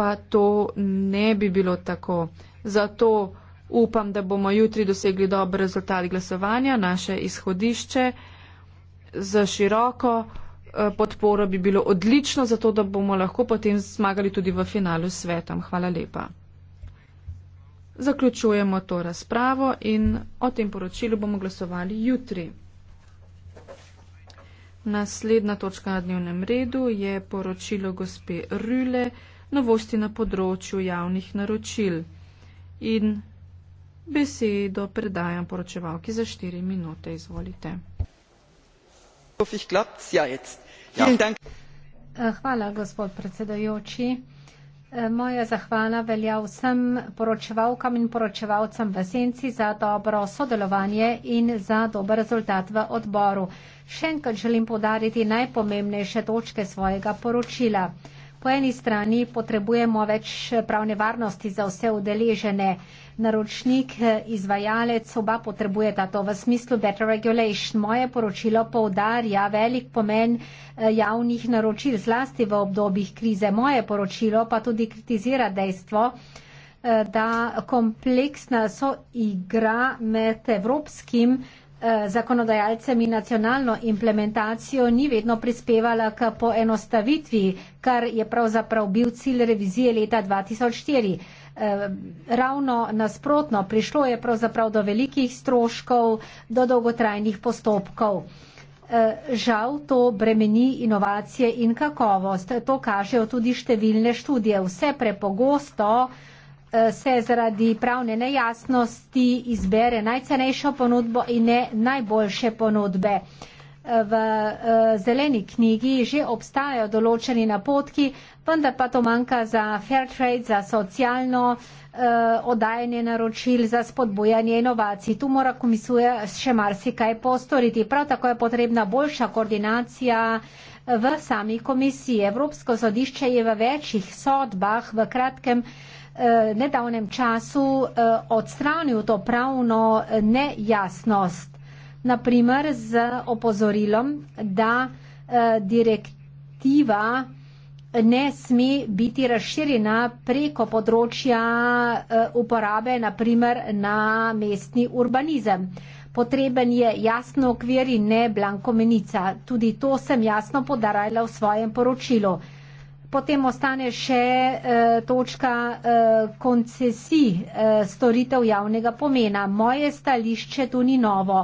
pa to ne bi bilo tako. Zato upam, da bomo jutri dosegli dober rezultat glasovanja, naše izhodišče za široko eh, podporo bi bilo odlično, zato da bomo lahko potem zmagali tudi v finalu s svetom. Hvala lepa. Zaključujemo to razpravo in o tem poročilu bomo glasovali jutri. Naslednja točka na dnevnem redu je poročilo gospe Rüle novosti na področju javnih naročil in besedo predajam poročevalki za štiri minute. Izvolite. Ja. ja hm. eh, hvala, gospod predsedojoči. Eh, moja zahvala velja vsem poročevalkam in poročevalcem v senci za dobro sodelovanje in za dober rezultat v odboru. Še enkrat želim podariti najpomembnejše točke svojega poročila. Po eni strani potrebujemo več pravne varnosti za vse udeležene, naročnik, izvajalec, oba potrebujeta to v smislu better regulation. Moje poročilo poudarja velik pomen eh, javnih naročil, zlasti v obdobjih krize. Moje poročilo pa tudi kritizira dejstvo, eh, da kompleksna so igra med evropskim Eh, zakonodajalcem in nacionalno implementacijo ni vedno prispevala k poenostavitvi, kar je pravzaprav bil cilj revizije leta 2004. Eh, ravno nasprotno, prišlo je pravzaprav do velikih stroškov, do dolgotrajnih postopkov. Eh, žal to bremeni inovacije in kakovost. To kažejo tudi številne študije. Vse prepogosto Eh, se zaradi pravne nejasnosti izbere najcenejšo ponudbo in ne najboljše ponudbe. Eh, v eh, zeleni knjigi že obstajajo določeni napotki, vendar pa to manjka za fair trade, za socialno oddajanje naročil, za spodbujanje inovacij. Tu mora komisija še marsikaj postoriti. Prav tako je potrebna boljša koordinacija v sami komisiji. Evropsko sodišče je v večjih sodbah v kratkem Eh, nedavnem času eh, odstranil to pravno eh, nejasnost, naprimer z opozorilom, da direktiva ne sme biti razširjena preko področja uporabe, naprimer na mestni urbanizem. Potreben je jasno okvir in ne blankomenica. Tudi to sem jasno podarajala v svojem poročilu potem ostane še eh, točka eh, koncesij eh, storitev javnega pomena. Moje stališče tu ni novo.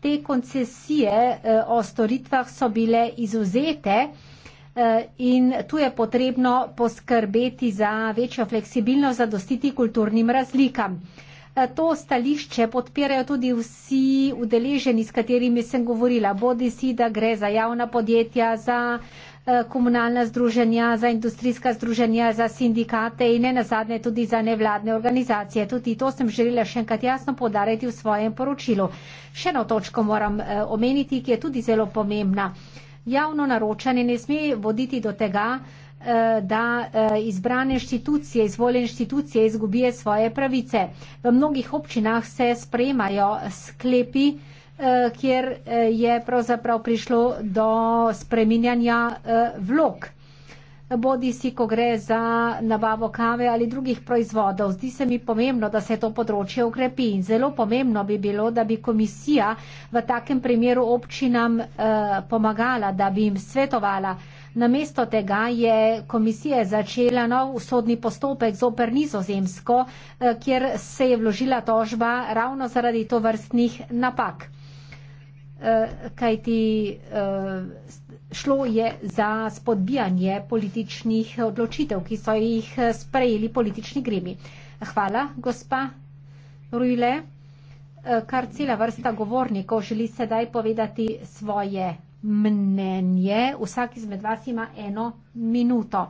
Te koncesije eh, o storitvah so bile izuzete eh, in tu je potrebno poskrbeti za večjo fleksibilnost, zadostiti kulturnim razlikam. Eh, to stališče podpirajo tudi vsi udeleženi, s katerimi sem govorila, bodi si, da gre za javna podjetja, za uh, Eh, komunalna združenja, za industrijska združenja, za sindikate in ne nazadnje tudi za nevladne organizacije. Tudi to sem želela še enkrat jasno podariti v svojem poročilu. Še eno točko moram eh, omeniti, ki je tudi zelo pomembna. Javno naročanje ne sme voditi do tega, eh, da izbrane inštitucije, izvoljene inštitucije izgubije svoje pravice. V mnogih občinah se sprejmajo sklepi, Eh, kjer eh, je pravzaprav prišlo do spreminjanja eh, vlog. Bodi si, ko gre za nabavo kave ali drugih proizvodov. Zdi se mi pomembno, da se to področje ukrepi in zelo pomembno bi bilo, da bi komisija v takem primeru občinam pomagala, da bi jim svetovala. Namesto tega je komisija začela nov sodni postopek z oper nizozemsko, kjer se je vložila tožba ravno zaradi to vrstnih napak. Eh, kajti eh, šlo je za spodbijanje političnih odločitev, ki so jih eh, sprejeli politični gremi. Hvala, gospa Rujle. Kar cela vrsta govornikov želi sedaj povedati svoje mnenje. Vsak izmed vas ima eno minuto.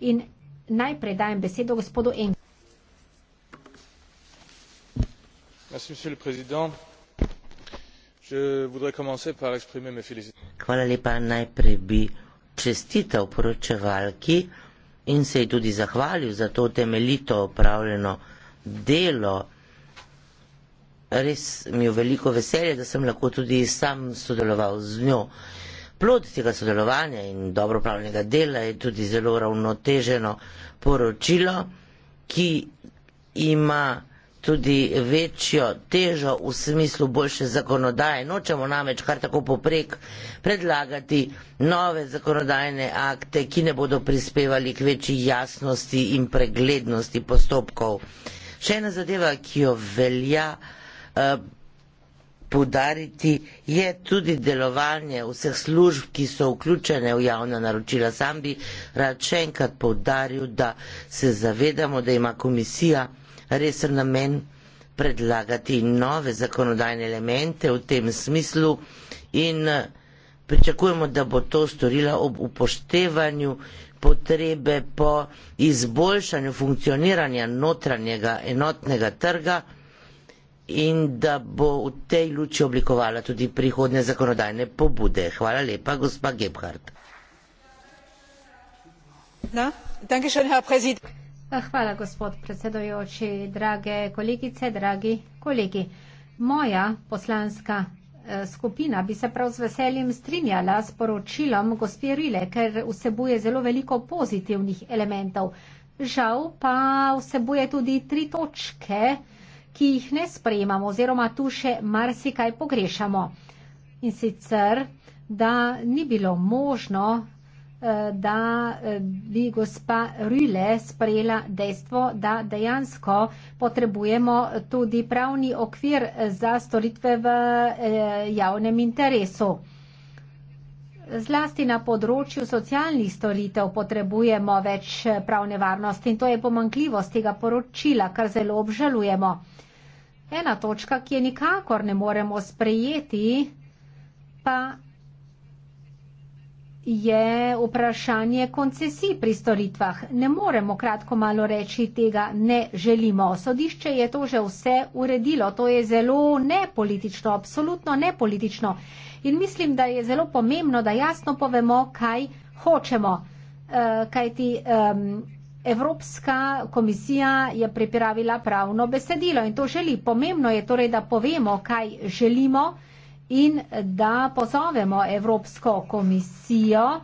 In najprej dajem besedo gospodu Engelu. Hvala, gospod predsednik najprej bi čestital poročevalki in se ji tudi zahvalil za to temeljito opravljeno delo. Res mi je veliko veselje, da sem lahko tudi sam sodeloval z njo. Plod tega sodelovanja in dobro pravnega dela je tudi zelo ravnoteženo poročilo, ki ima tudi večjo težo v smislu boljše zakonodaje. Nočemo namreč kar tako poprek predlagati nove zakonodajne akte, ki ne bodo prispevali k večji jasnosti in preglednosti postopkov. Še ena zadeva, ki jo velja uh, eh, podariti, je tudi delovanje vseh služb, ki so vključene v javna naročila. Sam bi rad še enkrat podaril, da se zavedamo, da ima komisija resen namen predlagati nove zakonodajne elemente v tem smislu in eh, pričakujemo, da bo to storila ob upoštevanju potrebe po izboljšanju funkcioniranja notranjega enotnega trga in da bo v tej luči oblikovala tudi prihodne zakonodajne pobude. Hvala lepa, gospa Gebhardt. No? Danke schön, Herr Präsident. Ah, hvala, gospod predsedojoči, drage kolegice, dragi kolegi. Moja poslanska eh, skupina bi se prav z veseljem strinjala s poročilom gospirile, ker vsebuje zelo veliko pozitivnih elementov. Žal pa vsebuje tudi tri točke, ki jih ne sprejemamo oziroma tu še marsikaj pogrešamo. In sicer, da ni bilo možno Eh, da eh, bi gospa Rüle sprejela dejstvo, da dejansko potrebujemo tudi pravni okvir eh, za storitve v javnem interesu. Zlasti na področju socialnih storitev potrebujemo več pravne varnosti in to je pomankljivost tega poročila, kar zelo obžalujemo. Ena točka, ki je nikakor ne moremo sprejeti, pa je vprašanje koncesij pri storitvah. Ne moremo kratko malo reči, tega ne želimo. Sodišče je to že vse uredilo. To je zelo nepolitično, absolutno nepolitično. In mislim, da je zelo pomembno, da jasno povemo, kaj hočemo. E, eh, kaj ti, um, Evropska komisija je pripravila pravno besedilo in to želi. Pomembno je torej, da povemo, kaj želimo in da pozovemo Evropsko komisijo,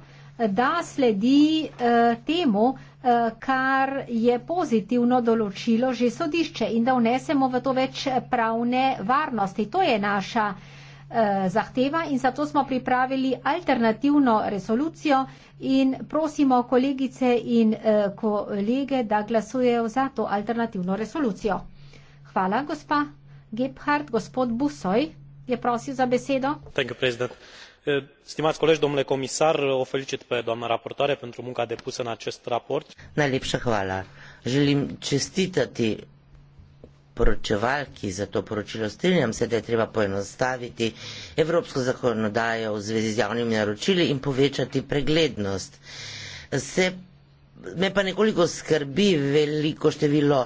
da sledi eh, temu, eh, kar je pozitivno določilo že sodišče in da vnesemo v to več pravne varnosti. To je naša eh, zahteva in zato smo pripravili alternativno resolucijo in prosimo kolegice in kolege, da glasujejo za to alternativno resolucijo. Hvala, gospa Gebhardt, gospod Busoj. Eh, stimați colegi domnule comisar o felicit pe doamna raportoare pentru munca depusă în acest raport. najlepša hvala želim čestitati poročevalki za to poročilo strinjam se da je treba poenostaviti evropsko zakonodajo v zvezi z javnimi naročili in povečati preglednost se me pa nekoliko skrbi veliko število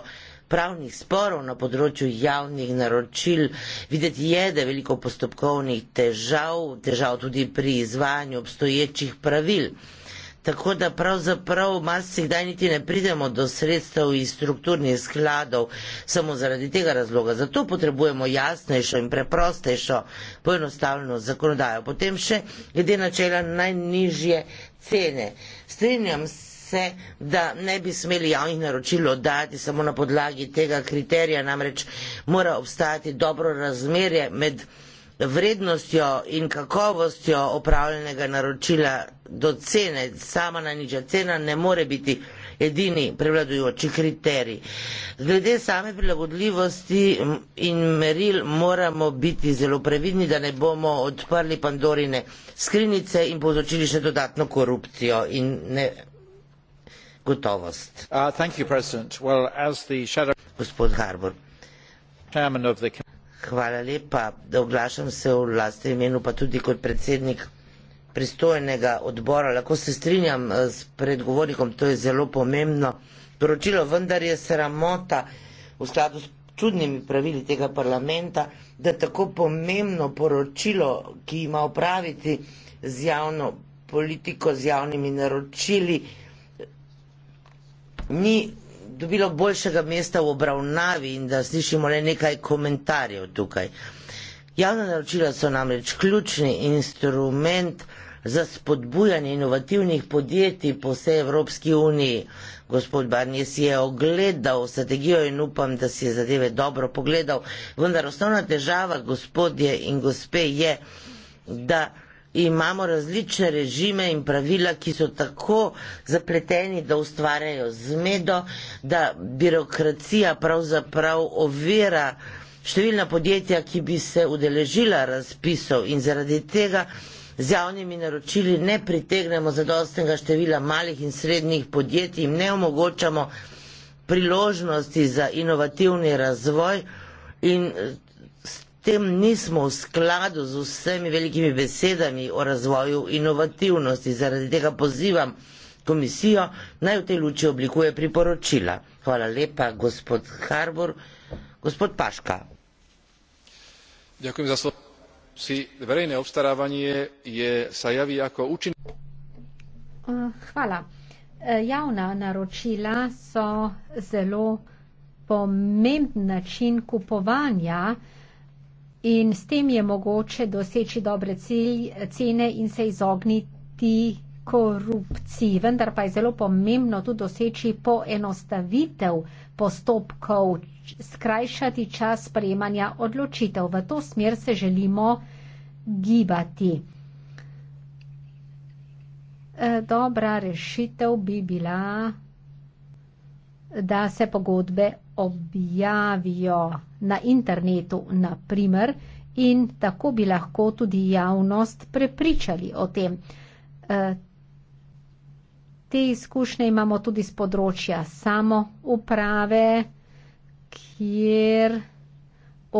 pravnih sporov na področju javnih naročil. Videti je, da je veliko postopkovnih težav, težav tudi pri izvajanju obstoječih pravil. Tako da pravzaprav marsik daj niti ne pridemo do sredstev iz strukturnih skladov samo zaradi tega razloga. Zato potrebujemo jasnejšo in preprostejšo poenostavljeno zakonodajo. Potem še glede načela najnižje cene. Strinjam se se, da ne bi smeli javnih naročil oddati samo na podlagi tega kriterija, namreč mora obstajati dobro razmerje med vrednostjo in kakovostjo opravljenega naročila do cene. Sama najnižja cena ne more biti edini prevladujoči kriterij. Glede same prilagodljivosti in meril moramo biti zelo previdni, da ne bomo odprli Pandorine skrinice in povzročili še dodatno korupcijo in ne, gotovost. Uh, hvala lepa da oglašam se v lastnem imenu pa tudi kot predsednik pristojnega odbora lahko se strinjam eh, s predgovornikom to je zelo pomembno poročilo vendar je sramota v skladu s čudnimi pravili tega parlamenta da tako pomembno poročilo ki ima opraviti z javno politiko z javnimi naročili ni dobilo boljšega mesta v obravnavi in da slišimo le nekaj komentarjev tukaj. Javna naročila so namreč ključni instrument za spodbujanje inovativnih podjetij po vsej Evropski uniji. Gospod Barnje si je ogledal strategijo in upam, da si je zadeve dobro pogledal. Vendar osnovna težava, gospodje in gospe, je, da imamo različne režime in pravila, ki so tako zapleteni, da ustvarjajo zmedo, da birokracija pravzaprav ovira številna podjetja, ki bi se udeležila razpisov in zaradi tega z javnimi naročili ne pritegnemo zadostnega števila malih in srednjih podjetij, ne omogočamo priložnosti za inovativni razvoj in tem nismo v skladu z vsemi velikimi besedami o razvoju inovativnosti. Zaradi tega pozivam komisijo naj v tej luči oblikuje priporočila. Hvala lepa, gospod Harbor. Gospod Paška. Ďakujem za slovo. Si verejné obstarávanie je, sa javí ako účinné. Eh, hvala. Eh, javna naročila so zelo pomemben način kupovanja uh, in s tem je mogoče doseči dobre cilj, cene in se izogniti korupciji. Vendar pa je zelo pomembno tu doseči poenostavitev postopkov, skrajšati čas sprejemanja odločitev. V to smer se želimo gibati. E, dobra rešitev bi bila, da se pogodbe objavijo na internetu, na primer, in tako bi lahko tudi javnost prepričali o tem. E, te izkušnje imamo tudi z področja samo uprave, kjer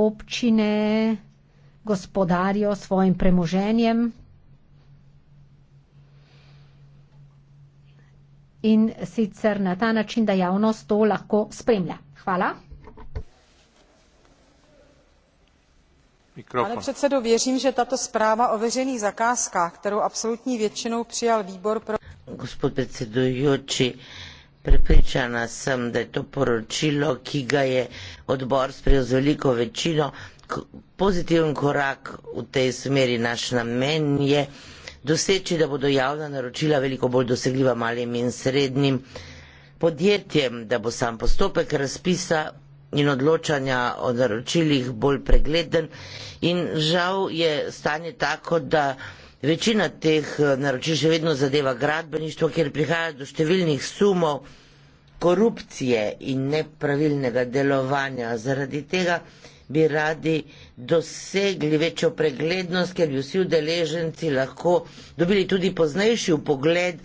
občine gospodarijo svojim premoženjem, in sicer na ta način, da javnost to lahko spremlja. Hvala. Pane predsedo, verjamem, že tato sprava o veřejnih zakázkah, katero absolutni večino prijal výbor pro. Gospod predsedujoči, prepričana sem, da je to poročilo, ki ga je odbor sprejel z veliko večino, pozitiven korak v tej smeri. Naš namen je, doseči, da bodo javna naročila veliko bolj dosegljiva malim in srednjim podjetjem, da bo sam postopek razpisa in odločanja o naročilih bolj pregleden. In žal je stanje tako, da večina teh eh, naročil še vedno zadeva gradbeništvo, kjer prihaja do številnih sumov korupcije in nepravilnega delovanja. Zaradi tega bi radi dosegli večjo preglednost, ker bi vsi udeleženci lahko dobili tudi poznejši pogled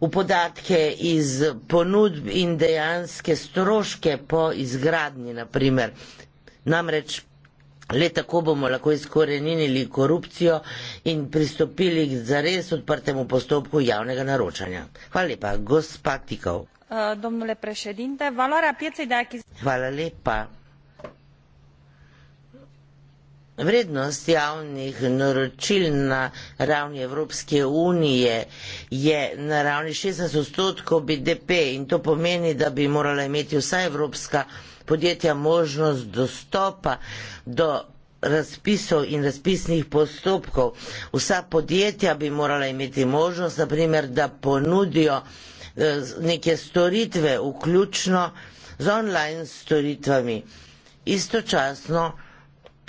v podatke iz ponudb in dejanske stroške po izgradnji, naprimer. Namreč le tako bomo lahko izkorenili korupcijo in pristopili k zares odprtemu postopku javnega naročanja. Hvala lepa, gospod Tikov. Uh, domnule prešedinte, valora pjecaj, da je ki. Hvala lepa. Vrednost javnih naročil na ravni Evropske unije je na ravni 16 odstotkov BDP in to pomeni, da bi morala imeti vsa evropska podjetja možnost dostopa do razpisov in razpisnih postopkov. Vsa podjetja bi morala imeti možnost, naprimer, da ponudijo eh, neke storitve, vključno z online storitvami. Istočasno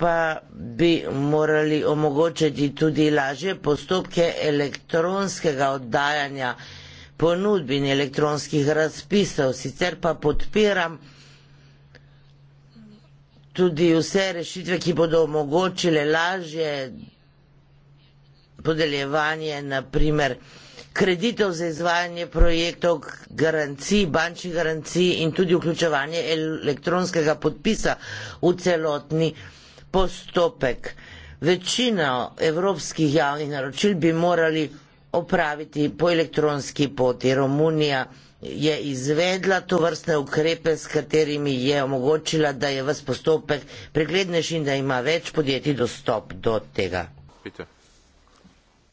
pa bi morali omogočiti tudi lažje postopke elektronskega oddajanja ponudb in elektronskih razpisov. Sicer pa podpiram tudi vse rešitve, ki bodo omogočile lažje podeljevanje, naprimer, kreditov za izvajanje projektov, garancij, bančnih garancij in tudi vključevanje elektronskega podpisa v celotni projekt postopek. Večina evropskih javnih naročil bi morali opraviti po elektronski poti. Romunija je izvedla to vrstne ukrepe, s katerimi je omogočila, da je vse postopek preglednejši in da ima več podjetij dostop do tega. Peter.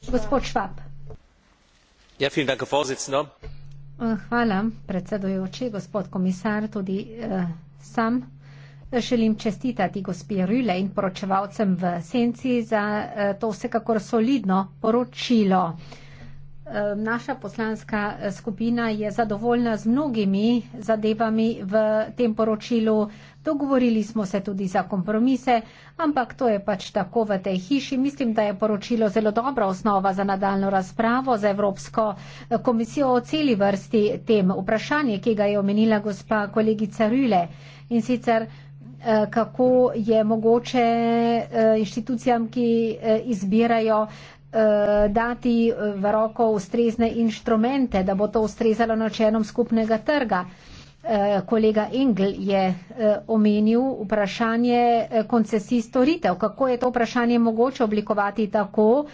Gospod Švab. Ja, vielen Dank, Vorsitzender. Hvala, predsedujoči, gospod komisar, tudi eh, sam Želim čestitati gospi Rüle in poročevalcem v Senci za eh, to vsekakor solidno poročilo. Eh, naša poslanska eh, skupina je zadovoljna z mnogimi zadevami v tem poročilu. Dogovorili smo se tudi za kompromise, ampak to je pač tako v tej hiši. Mislim, da je poročilo zelo dobra osnova za nadaljno razpravo za Evropsko komisijo o celi vrsti tem. Vprašanje, ki ga je omenila gospa kolegica Rüle in sicer Eh, kako je mogoče eh, inštitucijam, ki eh, izbirajo dati v roko ustrezne inštrumente, da bo to ustrezalo načelom skupnega trga. Eh, kolega Engel je eh, omenil vprašanje eh, koncesistoritev, kako je to vprašanje mogoče oblikovati tako,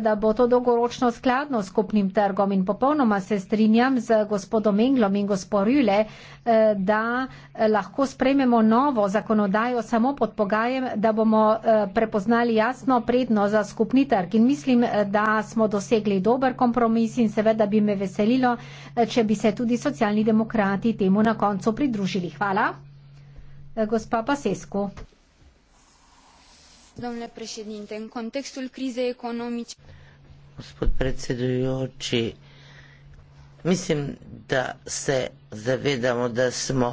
da bo to dolgoročno skladno s skupnim trgom in popolnoma se strinjam z gospodom Englom in gosporile, da lahko sprememo novo zakonodajo samo pod pogajem, da bomo prepoznali jasno predno za skupni trg in mislim, da smo dosegli dober kompromis in seveda bi me veselilo, če bi se tudi socialni demokrati temu naklonili koncu pridružili. Hvala. E, gospa Pasesku. Domnule predsednik, v kontekstu krize ekonomične. Gospod predsedujoči, mislim, da se zavedamo, da smo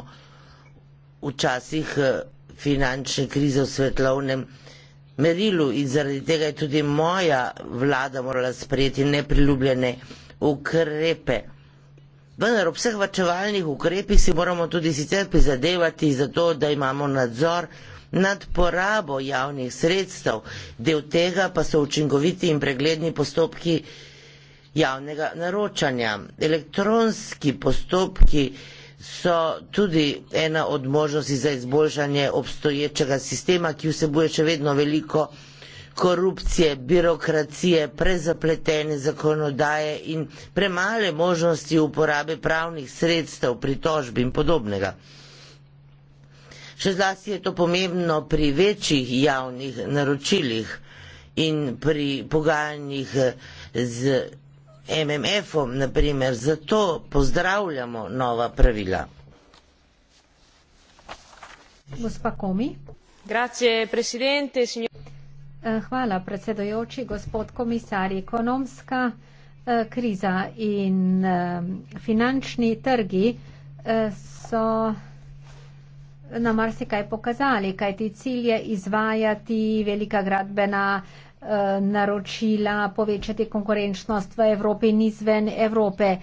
včasih e, finančne krize v svetlovnem merilu in zaradi tega je tudi moja vlada morala sprejeti nepriljubljene ukrepe. Vendar ob vseh vrčevalnih ukrepih si moramo tudi sicer prizadevati za to, da imamo nadzor nad porabo javnih sredstev. Del tega pa so učinkoviti in pregledni postopki javnega naročanja. Elektronski postopki so tudi ena od možnosti za izboljšanje obstoječega sistema, ki vsebuje še vedno veliko korupcije, birokracije, prezapletene zakonodaje in premale možnosti uporabe pravnih sredstev, pritožb in podobnega. Še zlasti je to pomembno pri večjih javnih naročilih in pri pogajanjih z MMF-om, naprimer, zato pozdravljamo nova pravila. Gospa Komi. Grazie, presidente, signor... Eh, hvala, predsedojoči, gospod komisar. Ekonomska eh, kriza in eh, finančni trgi so na marsikaj pokazali, kaj ti cilj je izvajati velika gradbena naročila, povečati konkurenčnost v Evropi in izven Evrope.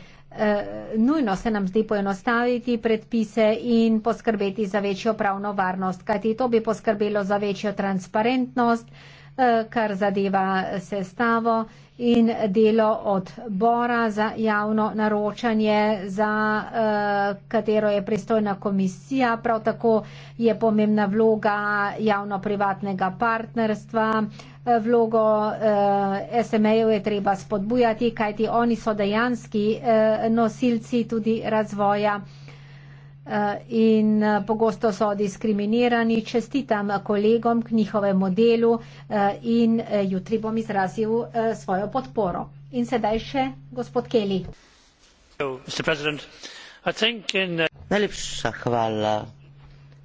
Nujno se nam zdi poenostaviti predpise in poskrbeti za večjo pravno varnost, kajti to bi poskrbelo za večjo transparentnost, Eh, kar zadeva sestavo in delo odbora za javno naročanje, za eh, katero je pristojna komisija. Prav tako je pomembna vloga javno-privatnega partnerstva. Eh, vlogo SME-jev je treba spodbujati, kajti oni so dejanski nosilci tudi razvoja Eh, in eh, pogosto so diskriminirani. Čestitam kolegom k njihovemu delu eh, in jutri bom izrazil svojo podporo. In sedaj še gospod Kelly. Najlepša hvala.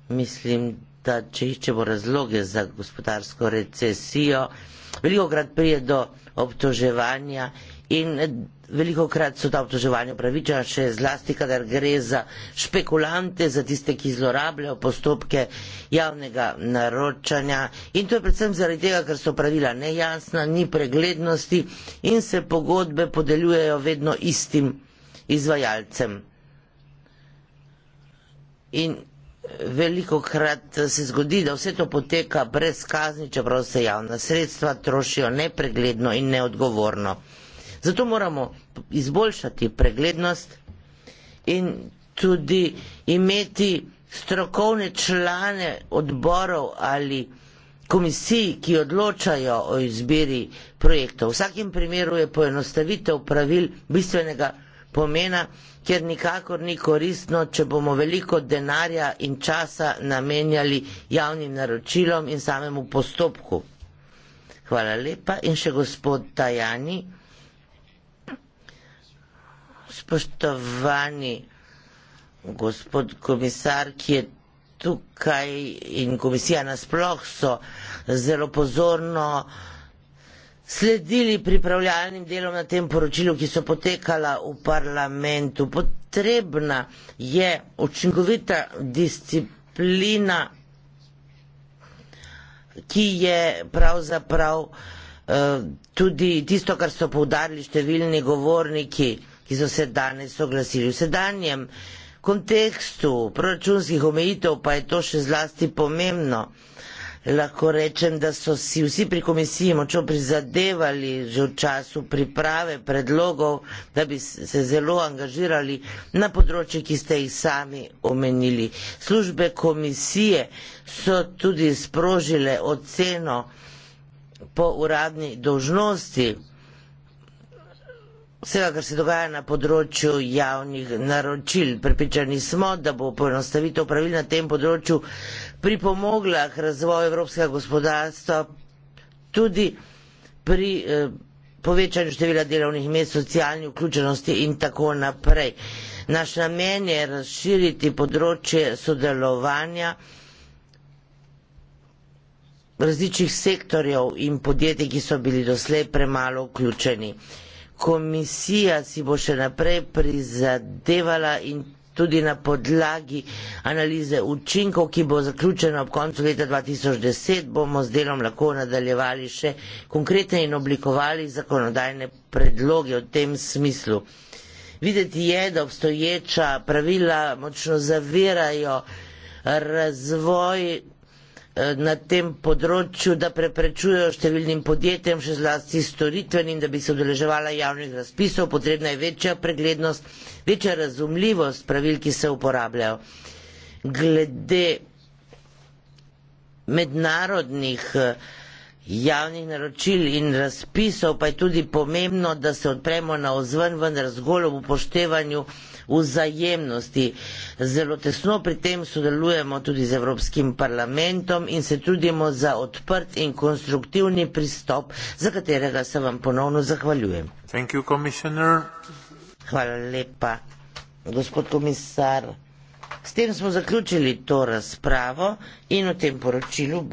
Mislim, da če iščemo razloge za gospodarsko recesijo, veliko krat prije do obtoževanja in veliko krat so ta obtoževanja pravična, še zlasti, kadar gre za špekulante, za tiste, ki zlorabljajo postopke javnega naročanja. In to je predvsem zaradi tega, ker so pravila nejasna, ni preglednosti in se pogodbe podeljujejo vedno istim izvajalcem. In veliko krat se zgodi, da vse to poteka brez kazni, čeprav se javna sredstva trošijo nepregledno in neodgovorno. Zato moramo izboljšati preglednost in tudi imeti strokovne člane odborov ali komisij, ki odločajo o izbiri projektov. V vsakem primeru je poenostavitev pravil bistvenega pomena, ker nikakor ni koristno, če bomo veliko denarja in časa namenjali javnim naročilom in samemu postopku. Hvala lepa in še gospod Tajani spoštovani gospod komisar, ki je tukaj in komisija nasploh so zelo pozorno sledili pripravljalnim delom na tem poročilu, ki so potekala v parlamentu. Potrebna je učinkovita disciplina, ki je pravzaprav eh, tudi tisto, kar so poudarili številni govorniki ki so se danes oglasili v sedanjem kontekstu proračunskih omejitev, pa je to še zlasti pomembno. Lahko rečem, da so si vsi pri komisiji močno prizadevali že v času priprave predlogov, da bi se zelo angažirali na področje, ki ste jih sami omenili. Službe komisije so tudi sprožile oceno po uradni dožnosti. Vsega, kar se dogaja na področju javnih naročil. Pripričani smo, da bo poenostavitev pravil na tem področju pripomogla k razvoju evropskega gospodarstva tudi pri eh, povečanju števila delovnih mest, socialni vključenosti in tako naprej. Naš namen je razširiti področje sodelovanja različnih sektorjev in podjetij, ki so bili doslej premalo vključeni komisija si bo še naprej prizadevala in tudi na podlagi analize učinkov, ki bo zaključena ob koncu leta 2010, bomo z delom lahko nadaljevali še konkretne in oblikovali zakonodajne predloge v tem smislu. Videti je, da obstoječa pravila močno zavirajo razvoj Eh, na tem področju, da preprečujejo številnim podjetjem, še zlasti storitvenim, da bi se odeleževala javnih razpisov, potrebna je večja preglednost, večja razumljivost pravil, ki se uporabljajo. Glede mednarodnih uh, javnih naročil in razpisov, pa je tudi pomembno, da se odpremo na ozven, vendar zgolj ob upoštevanju vzajemnosti. Zelo tesno pri tem sodelujemo tudi z Evropskim parlamentom in se trudimo za odprt in konstruktivni pristop, za katerega se vam ponovno zahvaljujem. You, Hvala lepa, gospod komisar. S tem smo zaključili to razpravo in o tem poročilu.